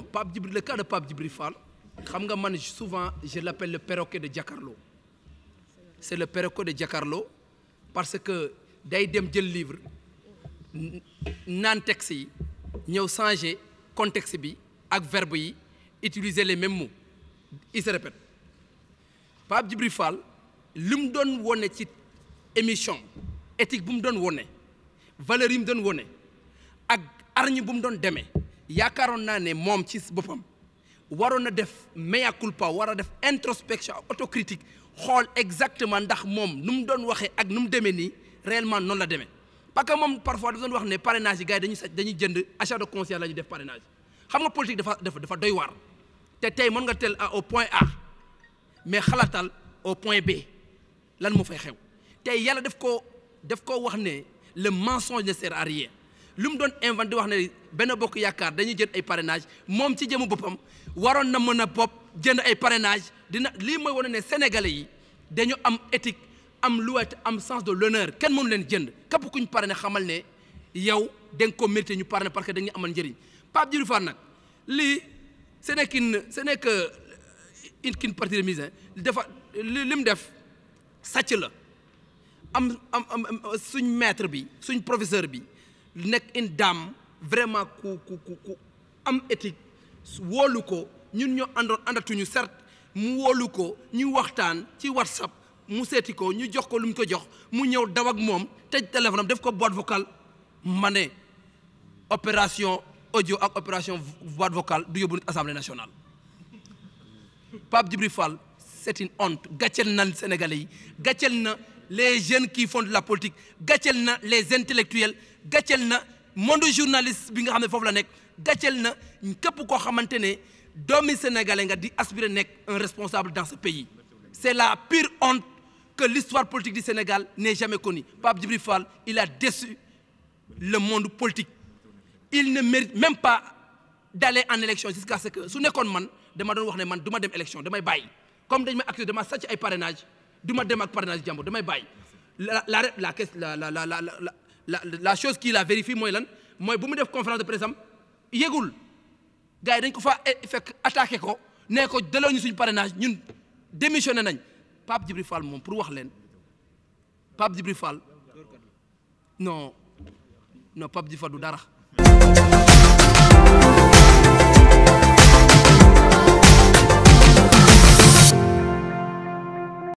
bon Pape Djibril le cas de Pape Djibril xam nga man souvent je l'appelle le perroquet de Jakarlo c'est le perroquet de Jakarlo parce que day dem jël livre naan texte yi ñëw changer contex bi ak verbe yi utiliser les mêmes mots il se répète Pape Djibril Fall li mu doon wone ci émission éthique bu mu doon wone valeur yi mu doon wone ak arñu bu mu doon demee yaakaaroon naa ne moom ci boppam waroon na def mea culpa war a def introspection autocritique xool exactement ndax moom nu mu doon waxee ak nu mu demee nii réellement noonu la demee parce que moom parfois dafa doon wax ne parrainage yi gars yi dañuy sa dañuy jënd achat de conscience la ñuy def parrainage xam nga politique dafa dafa dafa doy waar te tey mën nga tel a au point A mais xalaatal au point B lan moo fay xew tey yàlla def koo def koo wax ne le mensonge ne sert à rien lu mu doon inventé di wax na benn bokk yaakaar dañuy jënd ay parrainage moom ci jëmu boppam waroon na mën a bopp jënd ay parrainage dina lii mooy wane ne sénégalais yi dañu am éthique am luwaate am sens de l'honneur kenn mënu leen jënd képp ku ñu parrainé xamal ne yow da nga ko mérité ñu parrainé parce que dañu amal njëriñ Pape Djibril Fall nag lii ce n'est qu'une ce n'est que euh, de mise dafa li mu def sacc la am am am suñ maître bi suñ professeur bi nekk une dame vraiment ku ku ku am éthique wóolu ko ñun ñoo àndoon àndatuñu certes mu wóolu ko ñu waxtaan ci whatsapp mu seeti ko ñu jox ko lu mu ko jox mu ñëw daw ak moom tëj téléphone def ko boîte vocal ma ne opération audio ak opération boîte vocal du yóbbu nit assemblée nationale Pape Djibril Fall c'est une honte na Sénégalais yi gàcceel na. les jeunes qui font de la politique gàcceel na les intellectuels gàcceel na monde journaliste bi nga xam ne foofu la nekk gàcceel na képp koo xamante ne doomi sénégalais nga di aspirer nekk un responsable dans ce pays c'est la pire honte que l'histoire politique du Sénégal n'ait jamais connue Pape Djibril Fall il a déçu le monde politique il ne mérite même pas d'aller en élection jusqu'à ce que su nekkoon man dama doon wax ne man du ma dem élection damay bàyyi comme dañ may dama sàcc ay parrainage du ma dem ak parrainage jàmbur damay bàyyi la la la la la la la la chose qui la vérifie mooy lan mooy bu mu def conférence de presse am yëgul gars yi dañ ko fa eh, fekk attaqué ko nee ko delloo ñu suñu parrainage ñun démissionné nañ Pape Djibril Fall moom pour wax leen Pape Djibril Fall non non Pape Djibril du dara.